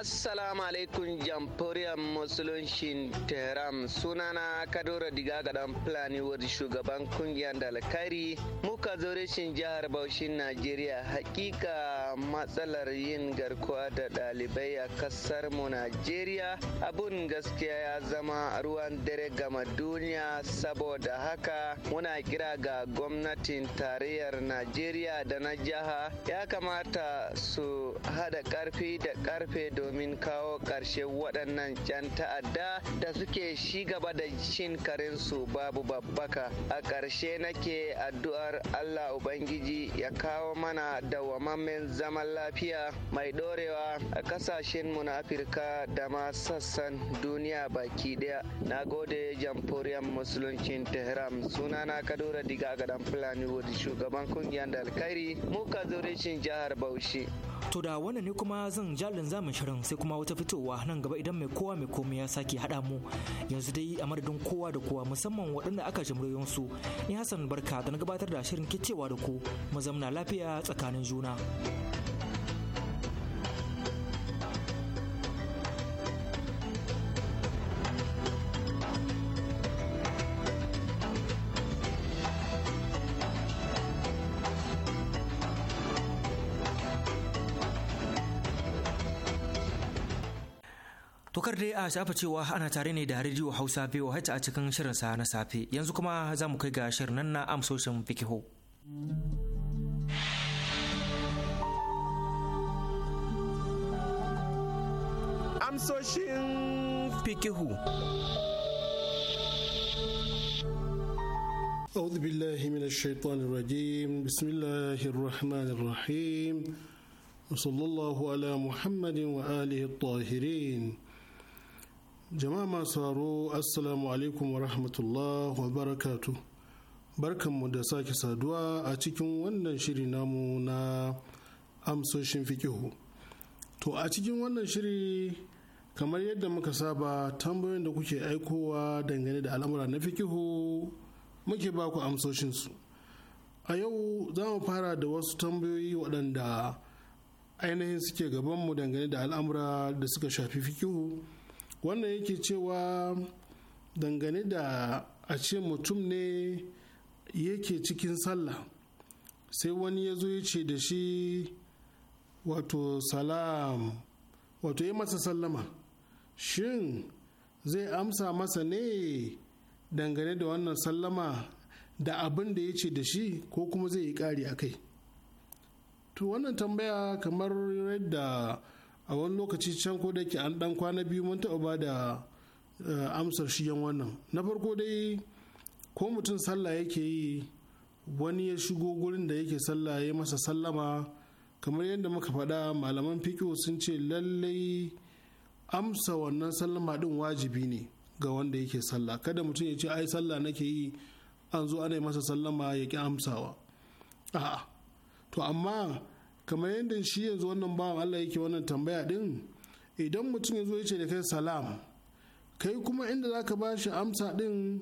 assalamu alaikum jamhuriyar musulunci tehran sunana kadora diga ga dan fulani wadda shugaban kungiyar dalakari muka zo rashin jihar Baushin Najeriya hakika matsalar yin garkuwa da ɗalibai a kasar mu Najeriya abun gaskiya ya zama ruwan dare gama duniya saboda haka muna kira ga gwamnatin tarayyar Najeriya da na jiha ya kamata su hada karfi da karfe domin kawo ƙarshe waɗannan jan ta'adda da suke shi gaba da shin karensu babu babbaka a ƙarshe nake addu'ar allah ubangiji ya kawo mana dawwamammen zaman lafiya mai ɗorewa a ƙasashen mu na afirka da ma sassan duniya baki ɗaya na gode jamhuriyar musuluncin tehran sunana kadura diga gadan fulani shugaban kungiyar da alkhairi muka zuricin jihar bauchi To da wannan ne kuma zan jalin zamun shirin sai kuma wata fitowa nan gaba idan mai kowa mai komai ya sake haɗa mu yanzu dai a madadin kowa da kowa musamman waɗanda aka jimriyon su ni Hassan Barka da na gabatar da shirin kicewa da ku mu zamna lafiya tsakanin juna. dai a shafa cewa ana tare ne da rediyo Hausa VOH a cikin shirinsa na safe. Yanzu kuma za mu kai ga shirin nan na amsoshin fikiho. Amsoshin fikihu. أعوذ بالله من الشيطان الرجيم بسم الله الرحمن الرحيم وصلى الله على محمد وآله الطاهرين jama'a masu haro assalamu alaikum wa rahmatullah wa barakatu barkanmu da sake saduwa a cikin wannan shiri namu na amsoshin fikihu to a cikin wannan shiri kamar yadda muka saba tambayoyin da kuke aikowa dangane da al'amura na fikihu muke ba ku amsoshinsu a yau za mu fara da wasu tambayoyi waɗanda ainihin suke gabanmu dangane da al'amura da suka shafi fikihu wannan yake cewa dangane da a ce mutum ne yake cikin sallah sai wani ya zo ya ce da shi wato salam wato ya masa sallama shin zai amsa masa ne dangane da wannan sallama da abin da ya ce da shi ko kuma zai yi kari a kai to wannan tambaya kamar yadda a wani lokaci can ko da ke an dan kwana biyu mun taɓa ba da eh, amsar shi yan wannan na farko dai ko mutum sallah yake yi wani ya shigo gurin da yake sallah ya masa sallama kamar yadda muka faɗa malaman fiƙo sun ce lallai amsa wannan sallama ɗin wajibi ne ga wanda yake sallah kada mutum ya ce ai sallah nake yi an zo ana masa sallama ya ki amsawa a'a to amma kamar yadda shi yanzu wannan bawan Allah yake wannan tambaya din idan mutum ya zo ya ce da kai salam kai kuma inda za ka ba amsa din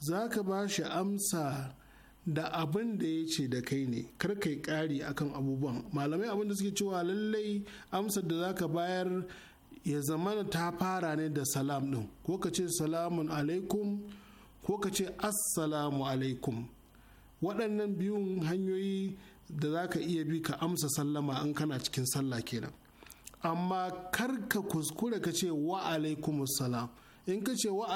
za ka ba shi amsa da abin da ya ce da kai ne kar kai kari akan abubuwan malamai abin da suke cewa lallai amsar da za ka bayar ya zamana ta fara ne da salam din ko ka ce salamun alaikum ko ka ce assalamu alaikum waɗannan biyun hanyoyi da za ka iya bi ka amsa sallama an kana cikin sallah kenan amma kar ka kuskure ka ce wa salam.' in ka ce wa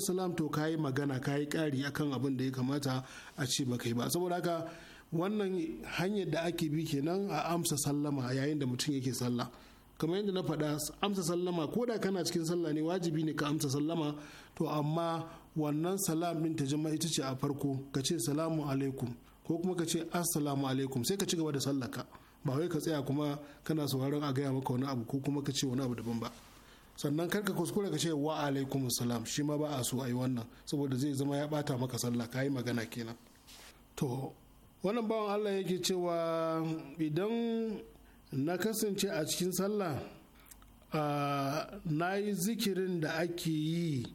salam,' to ka yi magana ka yi ƙari akan abin da ya kamata a ce ba kai ba saboda haka wannan hanyar da ake bi kenan a amsa sallama yayin da mutum yake sallah kamar yadda na faɗa amsa sallama ko da kana cikin sallah ne wajibi ne ka amsa sallama to amma wannan salam ɗin ta jama'a ita ce a farko ka ce salamu alaikum ko kuma ka ce assalamu alaikum sai ka ci gaba da sallaka ba wai ka tsaya kuma kana sauraron a gaya maka wani abu ko kuma ka ce wani abu daban ba sannan kar ka kuskure ka ce wa alaikum salam shi ma ba a so ayi wannan saboda zai zama ya bata maka sallah ka yi magana kenan to wannan bawan Allah yake cewa idan na kasance a cikin sallah na yi zikirin da ake yi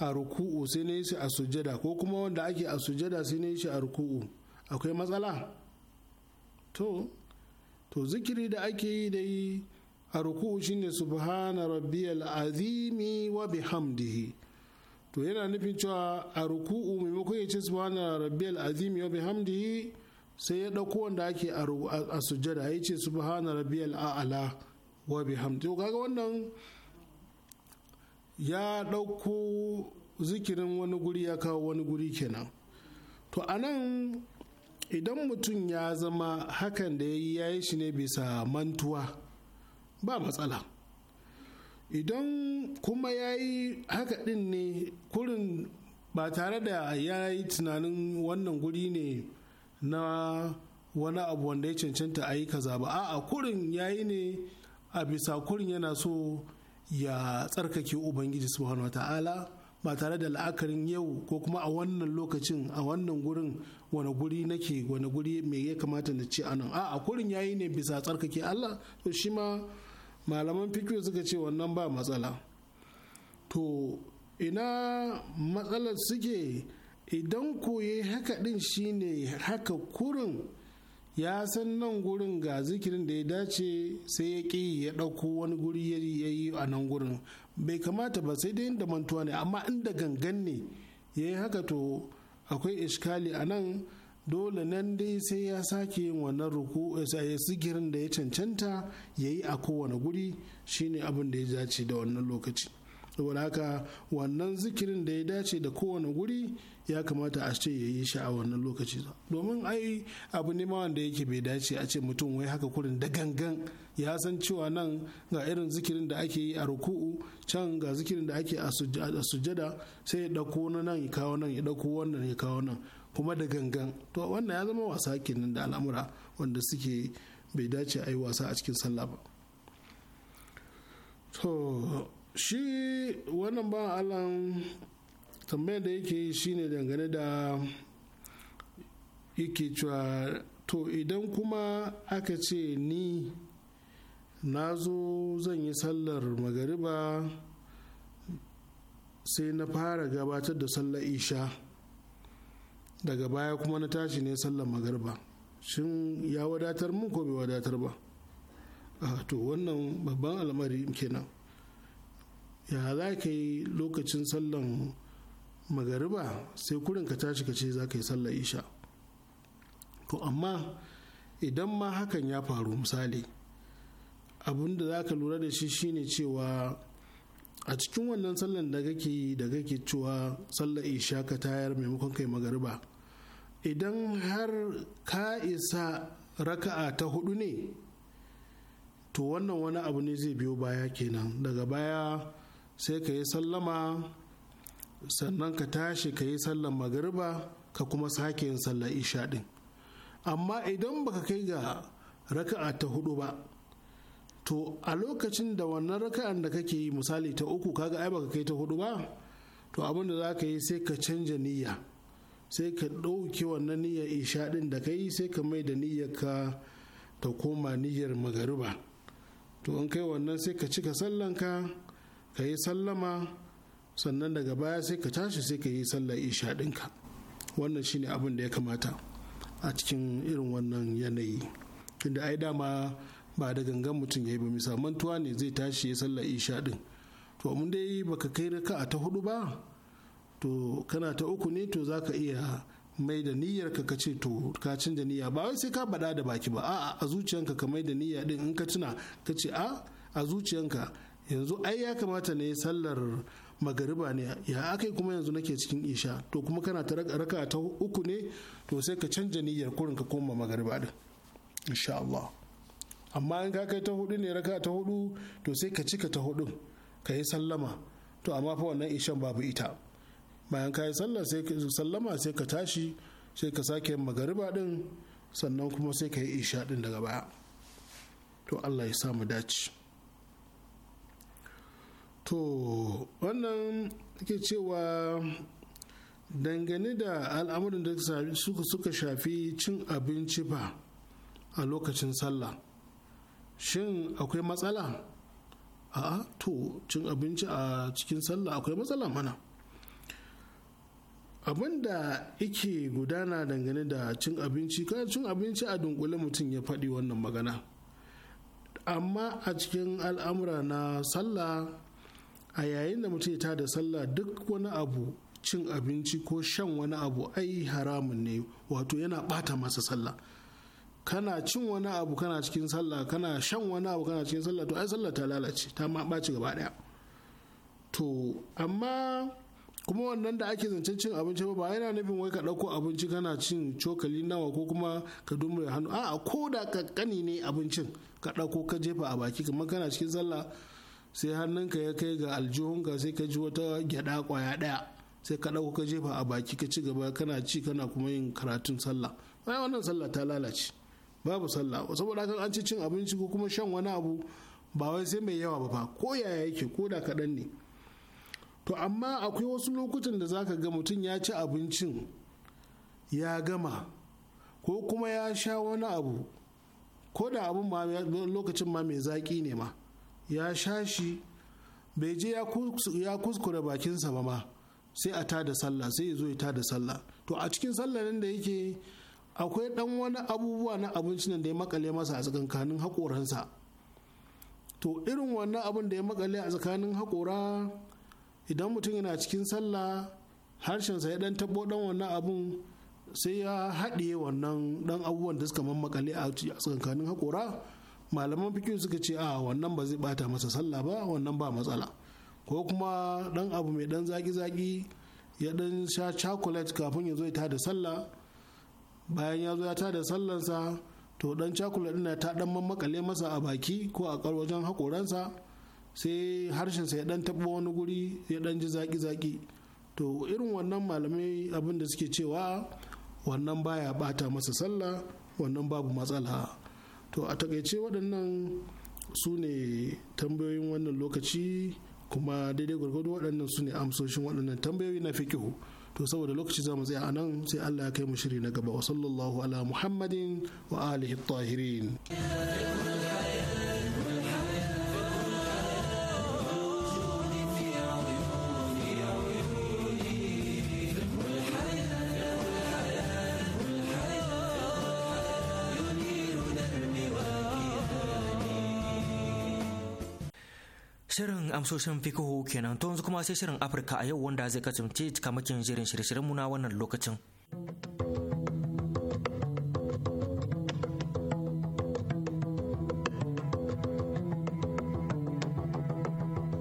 a ruku'u sai na yi shi a sujada ko kuma wanda ake a sujada sai na yi shi a ruku'u akwai matsala to to zikiri da ake yi da yi a ruku'u shine subhana rabbiyal azimi wa bihamdihi to yana nufin cewa a ruku'u maimakon ya ce subhana rabbiyal azimi wa bihamdihi sai ya dauko wanda ake a sujjada ya ce subhana rabbiyal a'la wa bihamdihi to kaga wannan ya dauko zikirin wani guri ya kawo wani guri kenan to anan idan mutum ya zama hakan da ya yi ya yi shi ne bisa mantuwa ba matsala idan kuma ya yi haka ɗin ne kurin ba tare da ya yi tunanin wannan guri ne na wani abu wanda ya cancanta a yi kaza ba a'a kurin ya yi ne a bisa kurin yana so ya tsarkake ubangiji subhanahu wa ta'ala ba tare da la'akarin yau ko kuma a wannan lokacin a wannan gurin wani guri nake wani guri me ya kamata na ce anan a kurin yayi ne bisa tsarkake Allah to shi ma malaman fikiyo suka ce wannan ba matsala to ina matsalar suke idan koye haka din shine haka kurin ya san nan gurin ga zikirin da ya dace sai ya ƙi ya ɗauko wani guri ya yi a nan gurin bai kamata ba sai dai inda mantuwa ne amma inda gangan ne ya yi haka to akwai iskali a nan dole nan dai sai ya sake yin wannan ruku ya eh, eh, sigirin da ya cancanta ya yi a kowane guri shine abin da ya dace da wannan lokaci saboda haka wannan zikirin da ya dace da kowane guri ya kamata a ce ya yi shi a wannan lokaci domin ai abu ne ma wanda yake bai dace a ce mutum wai haka kurin da gangan ya san cewa nan ga irin zikirin da ake yi a ruku'u can ga zikirin da ake a sujada sai ya ɗauko na nan ya kawo nan ya ɗauko wannan ya kawo nan kuma da gangan to wannan ya zama wasa kenan da al'amura wanda suke bai dace a yi wasa a cikin sallah ba shi wannan ba tambayar da yake yi shine dangane da yake cewa to idan kuma aka ce ni na zo zan yi sallar magariba sai na fara gabatar da sallar isha daga baya kuma na tashi ne sallar magariba shin ya wadatar mun ko bai wadatar ba ah, to wannan babban al'amari kenan ya za ka yi lokacin sallan magariba sai kurin ka tashi ka ce za ka yi sallar isha to amma idan ma hakan ya faru misali abin da za ka lura da shi shine cewa a cikin wannan sallan da kake yi da kake cewa sallar isha ka tayar maimakon kai magariba idan har ka isa raka'a ta hudu ne to wannan wani abu ne zai biyo baya kenan daga baya sai ka yi sallama sannan ka tashi ka yi sallar magariba ka kuma sake yin sallar isha din amma idan baka kai ga raka'a ta hudu ba to a lokacin da wannan raka'an da kake yi misali ta uku kaga ai baka kai ta hudu ba to abin da za ka yi sai ka canja niyya sai ka ɗauke wannan niyyar isha din da ka yi sai ka mai da niyyar ka ta koma niyyar magariba to in kai wannan sai ka cika sallanka ka yi sallama sannan daga baya sai ka tashi sai ka yi sallar isha ɗinka wannan shine abin da ya kamata a cikin irin wannan yanayi inda ai dama ba da gangan mutum ya yi ba misa mantuwa ne zai tashi ya sallar isha ɗin to mun dai baka kai raka a ta hudu ba to kana ta uku ne to zaka iya mai da niyyar ka ce to ka canja niyya ba wai sai ka bada da baki ba a'a a zuciyanka ka mai da niyya din in ka tuna ka ce a a zuciyanka yanzu ai ya kamata ne sallar magariba ne ya akai kuma yanzu nake cikin isha to kuma kana ta raka ta uku ne to sai ka canja niyyar kurin ka koma magariba din insha Allah amma in ka kai ta hudu ne raka ta hudu to sai ka cika ta hudu ka yi sallama to amma fa wannan ishan babu ita bayan ka yi sallar sai ka sallama sai ka tashi sai ka sake magariba din sannan kuma sai ka yi isha din daga baya to Allah ya samu dace to wannan ke cewa dangane da al'amuran da suka shafi cin abinci ba a lokacin sallah shin akwai matsala a to cin abinci a cikin sallah akwai matsala mana abin da yake gudana dangane da cin abinci kan cin abinci a dunkule mutum ya faɗi wannan magana amma a cikin al'amura na sallah a yayin da mutum ta da sallah duk wani abu cin abinci ko shan wani abu ai haramun ne wato yana bata masa sallah kana cin wani abu kana cikin sallah kana shan wani abu kana cikin sallah to ai sallah ta lalace ta ma baci gaba ɗaya to amma kuma wannan da ake zancen cin abinci ba yana nufin wai ka ɗauko abinci kana cin cokali nawa ko kuma ka dumure hannu a'a ko da kakkani ne abincin ka ɗauko ka jefa a baki kamar kana cikin sallah sai hannunka ya kai ga aljihunka sai ka ji wata gyada kwaya daya sai ka dauko ka jefa a baki ka ci gaba kana ci kana kuma yin karatun sallah ai wannan sallah ta lalace babu sallah saboda kan an ci cin abinci ko kuma shan wani abu ba wai sai mai yawa ba fa ko yaya yake ko da kaɗan ne to amma akwai wasu lokutan da zaka ga mutum ya ci abincin ya gama ko kuma ya sha wani abu ko da abun ma lokacin ma mai zaki ne ma ya sha shi bai je ya kuskure bakinsa ba ma sai a tada sallah sai ya zo ya tada sallah to a cikin sallah nan da yake akwai dan wani abubuwa na abinci nan da ya makale masa a tsakankanin haƙoransa to irin wannan abin da ya makale a tsakanin haƙora idan mutum yana cikin sallah harshensa ya dan tabo dan wannan abin sai ya haɗiye wannan dan abubuwan da suka mamakale a tsakankanin haƙora malaman fikihu suka ce a wannan ba zai bata masa sallah ba wannan ba matsala ko kuma dan abu mai dan zaki-zaki ya dan sha chocolate kafin ya zo ya tada sallah bayan ya zo ya tada sallansa to dan chocolate din ta dan mamakale masa a baki ko a kar wajen hakoransa sai harshensa ya dan taba wani guri ya dan ji zaki-zaki to irin wannan malamai abin da suke cewa wannan baya bata masa sallah wannan babu matsala to a takaice waɗannan su ne tambayoyin wannan lokaci kuma daidai gwargwado waɗannan su ne amsoshin waɗannan tambayoyi na fikihu to saboda lokaci za mu tsaya a nan sai Allah ya kai mu shiri na gaba wa sallallahu ala muhammadin wa alihi tahirin amsoshin fikihu kenan to yanzu kuma sai shirin Afirka a yau wanda zai kasance cikamakin jirin shirye-shiryen muna wannan lokacin.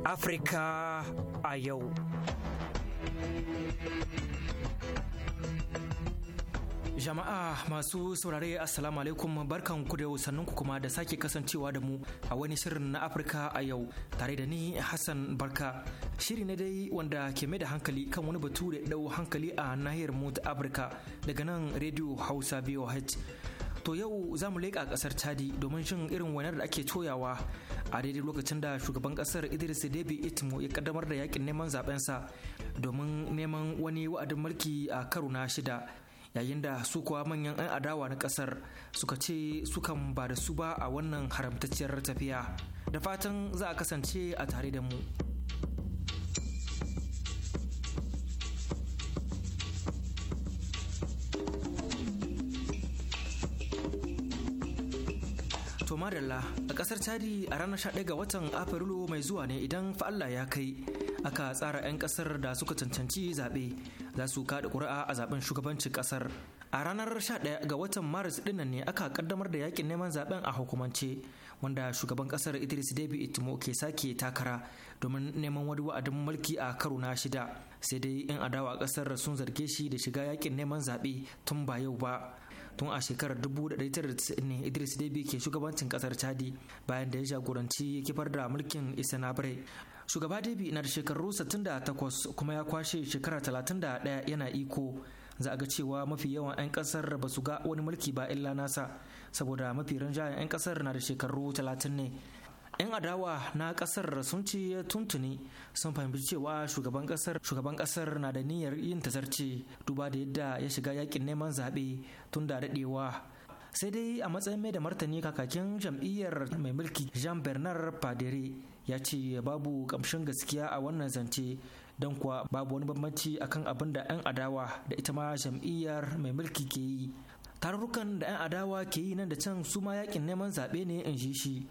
Afirka a yau. Jama'a masu saurare Assalamu alaikum barkan ku da sannan ku kuma da sake kasancewa da mu a wani shirin na Afirka a yau tare da ni Hassan Barka. Shiri na dai wanda ke mai da hankali kan wani batu da dau hankali a nahiyar mu ta Afirka daga nan Radio Hausa BOH. To yau za mu leƙa ƙasar Chadi domin shin irin wani da ake toyawa a daidai lokacin da shugaban ƙasar Idris debi Itmo ya kaddamar da yakin neman zaben sa domin neman wani wa'adin mulki a karo na shida. yayin da su kuwa manyan 'yan adawa na kasar suka ce sukan ba da su ba a wannan haramtacciyar tafiya da fatan za a kasance a tare da mu to madalla a kasar chadi a ranar 11 ga watan afrilu mai zuwa ne idan fa'alla ya kai aka tsara 'yan kasar da suka cancanci zaɓe za su kaɗa ƙuri'a a zaɓen shugabancin kasar a ranar 11 ga watan maris dinnan ne aka kaddamar da yakin neman zaben a hukumance wanda shugaban kasar idris debi itimo ke sake takara domin neman wani wa'adin mulki a karo na shida sai dai 'yan adawa kasar sun zarge shi da shiga yakin neman zaɓe tun ba yau ba tun a shekarar 1990 ne Idris debi ke shugabancin kasar Chadi bayan da ya jagoranci ya kifar da mulkin Isanabre shugaba dabi na da shekaru 68 kuma ya kwashe shekara 31 yana iko za a ga cewa mafi yawan 'yan kasar ba su ga wani mulki ba illa nasa saboda mafi rinjayen 'yan kasar na da shekaru 30 ne 'yan adawa na kasar sun ce ya tuntuni sun fahimci cewa shugaban kasar shugaban kasar na da niyyar yin tazarce duba da yadda ya shiga yakin neman zaɓe tun da daɗewa sai dai a matsayin mai da martani kakakin jam'iyyar mai mulki jean bernard padere ya ce babu kamshin gaskiya a wannan zance don kuwa babu wani bambanci akan abin da 'yan adawa da ita ma jam'iyyar mai mulki ke yi tarurrukan da 'yan adawa ke yi nan da can su ma yakin neman zaɓe ne in shi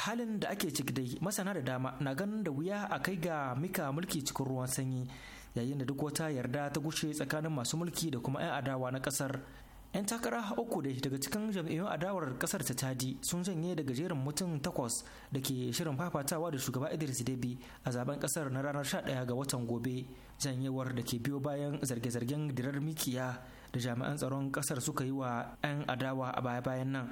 halin da ake ciki dai masana da dama na ganin da wuya a kai ga mika mulki cikin ruwan sanyi yayin da duk wata yarda ta gushe tsakanin masu mulki da kuma 'yan adawa na kasar 'yan takara uku da daga cikin jam'iyyun adawar kasar ta tadi sun janye da gajeren mutum takwas da ke shirin fafatawa da shugaba idris debi a zaben kasar na ranar 11 ga watan gobe janyewar da ke biyo bayan zarge-zargen dirar mikiya da jami'an tsaron kasar suka yi wa 'yan adawa a baya-bayan nan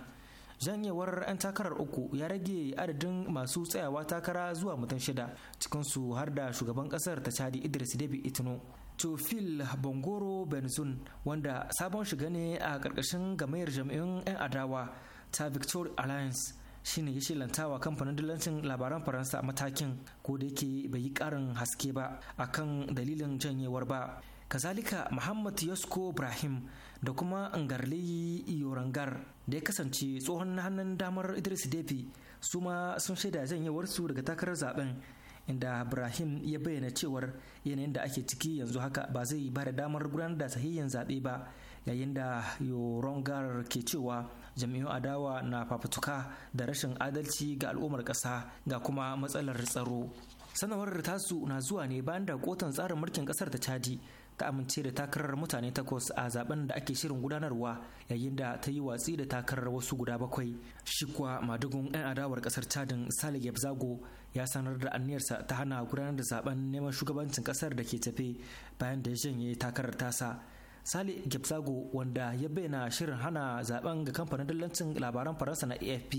janyewar 'yan takarar uku ya rage adadin masu tsayawa takara zuwa mutum shida cikin su har da shugaban kasar ta cadi idris debi itno tofil bongoro benzun wanda sabon shiga ne a karkashin gamayar jami'in 'yan adawa ta victoria alliance shine ya shilantawa kamfanin dillancin labaran faransa matakin ko da yake bai yi karin haske ba akan dalilin janyewar ba kazalika muhammad yasko ibrahim da kuma ngarliyi yorangar da ya kasance tsohon hannun damar idris defi su ma sun shaida janyewarsu daga takarar zaben inda ibrahim ya bayyana cewar yanayin da ake ciki yanzu haka ba zai ba da damar gudanar da sahihin zaɓe ba yayin da yorongar ke cewa jam'iun adawa na fafutuka da rashin adalci ga al'ummar ƙasa ga kuma matsalar tsaro sanawar tasu na zuwa ne bayan da kotun tsarin mulkin ƙasar ta chadi ta amince da takarar mutane takwas a zaben da ake shirin gudanarwa yayin da ta yi watsi da takarar wasu guda bakwai shi kuwa madugun 'yan adawar kasar chadin salih yabzago ya sanar da anniyarsa ta hana gudanar da zaben neman shugabancin kasar da ke tafe bayan da ya janye takarar tasa sali Gebzago wanda ya bayyana shirin hana zaben ga kamfanin dallancin labaran Faransa na AFP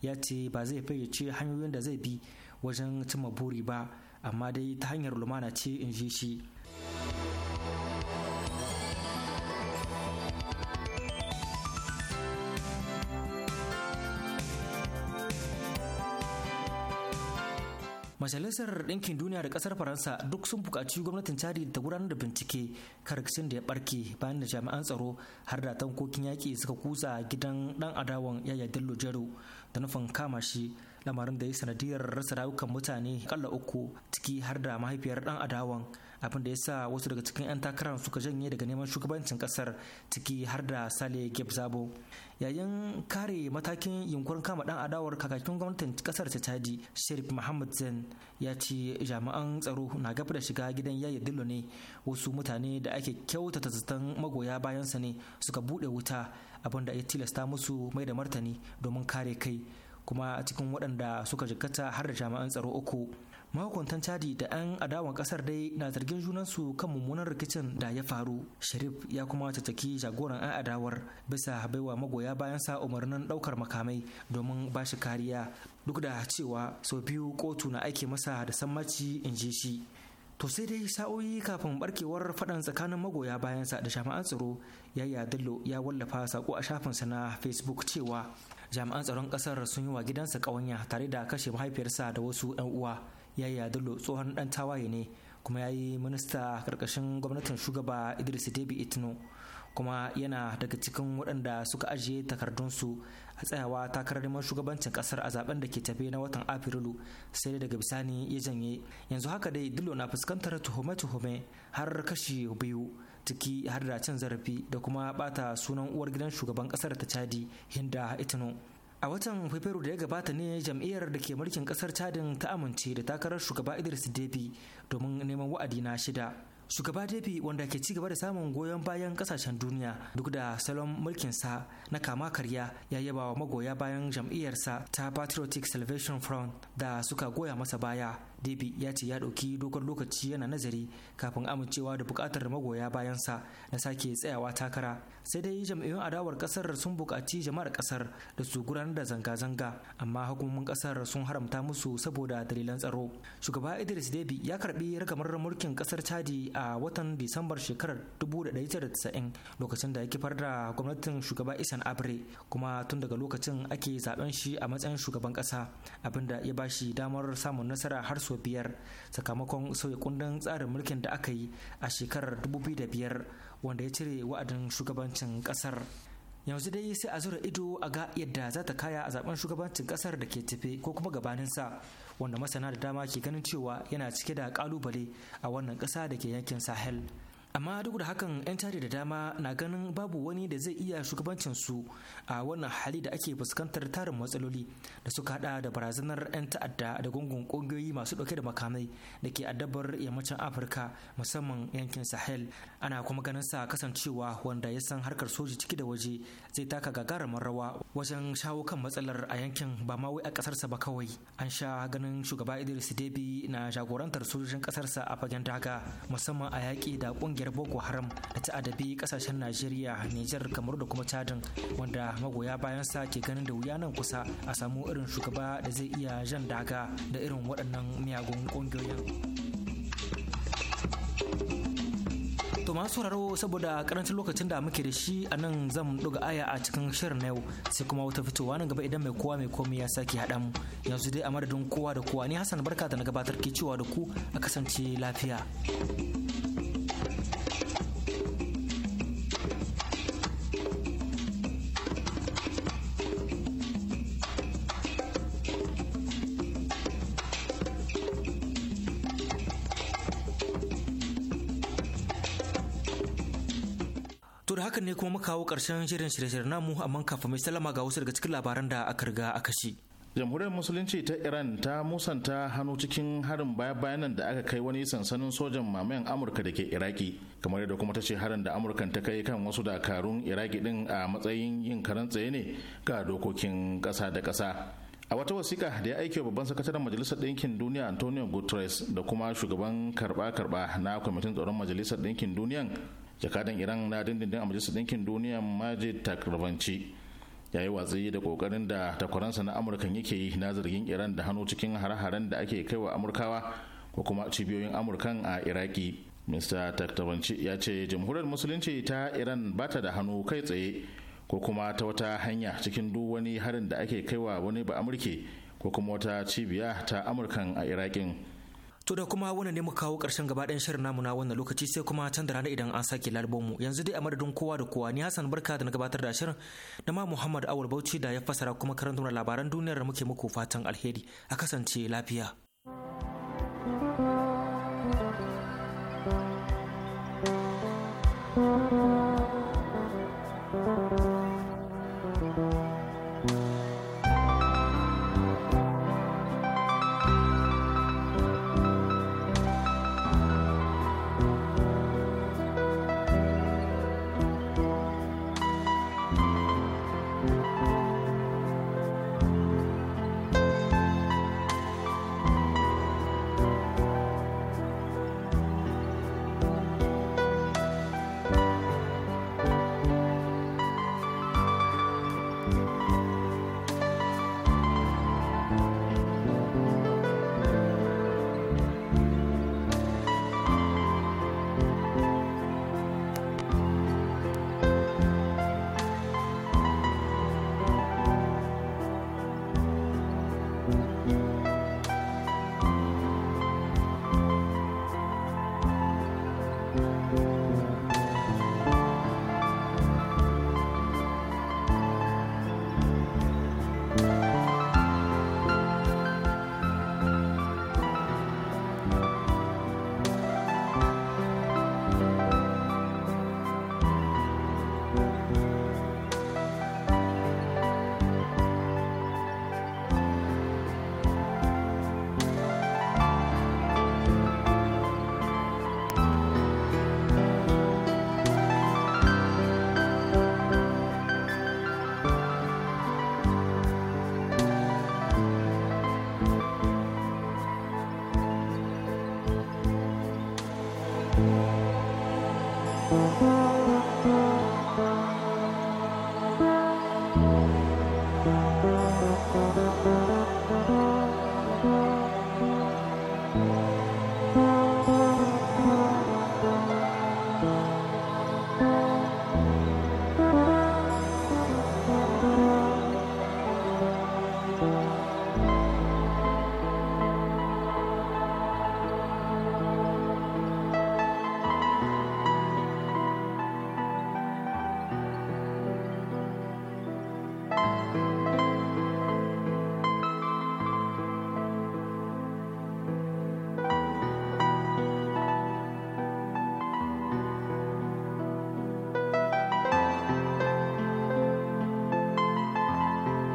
ya ce ba zai fayyace hanyoyin da zai bi wajen cimma buri ba amma dai ta hanyar lumana ce in ji shi majalisar ɗinkin duniya da ƙasar faransa duk sun buƙaci gwamnatin chadi ta gudanar da bincike karkashin da ya ɓarke bayan da jami'an tsaro har da tankokin yaƙi suka kutsa gidan ɗan adawan yaya dillo jaro da nufin kama shi lamarin da ya sanadiyar rasa rayukan mutane kalla uku ciki har da mahaifiyar ɗan adawan abin da ya sa wasu daga cikin 'yan takarar suka janye daga neman shugabancin kasar ciki har da sale zabo yayin kare matakin yunkurin kama dan adawar kakakin gwamnatin kasar ta chadi sharif muhammad zain ya ce jami'an tsaro na gaba da shiga gidan yayi dillo ne wasu mutane da ake kyautata zaton magoya bayansa ne suka bude wuta abinda ya tilasta musu mai da martani domin kare kai kuma a cikin waɗanda suka jikata har da jami'an tsaro uku mahukuntan chadi da 'yan adawan kasar dai na zargin junansu kan mummunan rikicin da ya faru sharif ya kuma cataki jagoran 'yan adawar bisa baiwa magoya bayansa umarnin daukar makamai domin ba shi kariya duk da cewa sau biyu kotu na aiki masa da sammaci in ji shi to sai dai sa'o'i kafin barkewar faɗan tsakanin magoya bayansa da jami'an tsaro ya yi dillo ya wallafa sako a shafinsa na facebook cewa jami'an tsaron ƙasar sun yi wa gidansa ƙawanya tare da kashe mahaifiyarsa da wasu 'yan uwa yi yadullo tsohon dan tawaye ne kuma ya yi minista karkashin gwamnatin shugaba idris debi itno kuma yana daga cikin waɗanda suka ajiye takardunsu a tsayawa takarar neman shugabancin ƙasar a zaben da ke tafe na watan afrilu sai daga bisani ya janye yanzu haka dai dillo na fuskantar tuhume-tuhume har kashi biyu ciki har da cin zarafi da kuma bata sunan uwar gidan shugaban ƙasar ta chadi hinda itno a watan fefero da ya gabata ne jam'iyyar da ke mulkin kasar chadin ta amince da takarar shugaba idris debi domin neman wa'adi na shida shugaba debi wanda ke cigaba da samun goyon bayan kasashen duniya duk da salon mulkinsa na kama karya ya yaba wa magoya bayan jam'iyyarsa ta patriotic salvation front da suka goya masa baya Dibi ya ce ya ɗauki dogon lokaci yana nazari kafin amincewa da bukatar magoya bayansa na sake tsayawa takara. Sai dai jam'iyyun adawar ƙasar sun bukaci jama'ar ƙasar da su gudanar da zanga-zanga amma hukumomin ƙasar sun haramta musu saboda dalilan tsaro. Shugaba Idris Debi ya karɓi ragamar mulkin ƙasar Chadi a watan Disambar shekarar 1990 lokacin da ya farda da gwamnatin shugaba Isan Abre kuma tun daga lokacin ake zaben shi a matsayin shugaban ƙasa abinda ya bashi damar samun nasara har sau biyar sakamakon sauya kundin tsarin mulkin da aka yi a shekarar dubu biyu da biyar wanda ya cire wa'adin shugabancin kasar yanzu dai sai a zura ido a ga yadda za ta kaya a zaben shugabancin kasar da ke tafe ko kuma gabanin sa wanda masana da dama ke ganin cewa yana cike da kalubale a wannan kasa da ke yankin sahel amma duk da hakan 'yan tare da dama na ganin babu wani da zai iya shugabancin su a wannan hali da ake fuskantar tarin matsaloli da suka hada da barazanar 'yan ta'adda da gungun kungiyoyi masu dauke da makamai da ke addabar yammacin afirka musamman yankin sahel ana kuma ganin sa kasancewa wanda ya san harkar soji ciki da waje zai taka gagarumin rawa wajen shawo kan matsalar a yankin ba ma wai a kasarsa ba kawai an sha ganin shugaba idris debi na jagorantar sojojin kasarsa a fagen daga musamman a yaƙi da kungiyar kungiyar boko haram da ta adabi kasashen najeriya nijar kamaru da kuma chadin wanda magoya bayan sa ke ganin da wuya nan kusa a samu irin shugaba da zai iya jan daga da irin waɗannan miyagun ƙungiyoyin To masu sauraro saboda karancin lokacin da muke da shi a nan zan ɗuga aya a cikin shirin na yau sai kuma wata fitowa nan gaba idan mai kowa mai komai ya sake haɗa mu yanzu dai a madadin kowa da kowa ni Hassan barka da na gabatar ke cewa da ku a kasance lafiya. hakan ne kuma muka kawo karshen shirin shirye-shiryen namu amma kafin mai salama ga wasu daga cikin labaran da aka riga aka shi. jamhuriyar musulunci ta iran ta musanta hannu cikin harin baya-bayanan da aka kai wani sansanin sojan mamayan amurka da ke iraki kamar yadda kuma ta ce harin da amurka ta kai kan wasu dakarun iraki din a matsayin yin karan tsaye ne ga dokokin kasa da kasa a wata wasiƙa da ya aiki aike babban sakataren majalisar ɗinkin duniya antonio guterres da kuma shugaban karba-karba na kwamitin tsaron majalisar ɗinkin duniyan jakadan iran na dindindin a majalisar ɗinkin duniya majid takrabanci ya yi watsi da kokarin da takwaransa na amurkan yake yi na zargin iran da hannu cikin hare-haren da ake kaiwa amurkawa ko kuma cibiyoyin amurkan a iraki mr takarbanci ya ce jamhuriyar musulunci ta iran ba ta da hannu kai tsaye ko kuma ta wata hanya cikin duk wani harin da ake kaiwa wani ba amurke ko kuma wata cibiya ta amurkan a irakin To da kuma wannan ne mu kawo ƙarshen gaba ɗayan shirin namu na wannan lokaci sai kuma can da rana idan an sake mu yanzu dai a madadin kowa da kowa ni hasan Barka da na gabatar da shirin da ma Muhammad Awul Bauchi da ya fassara kuma karanta labaran duniyar da muke muku fatan alheri a kasance lafiya. thank you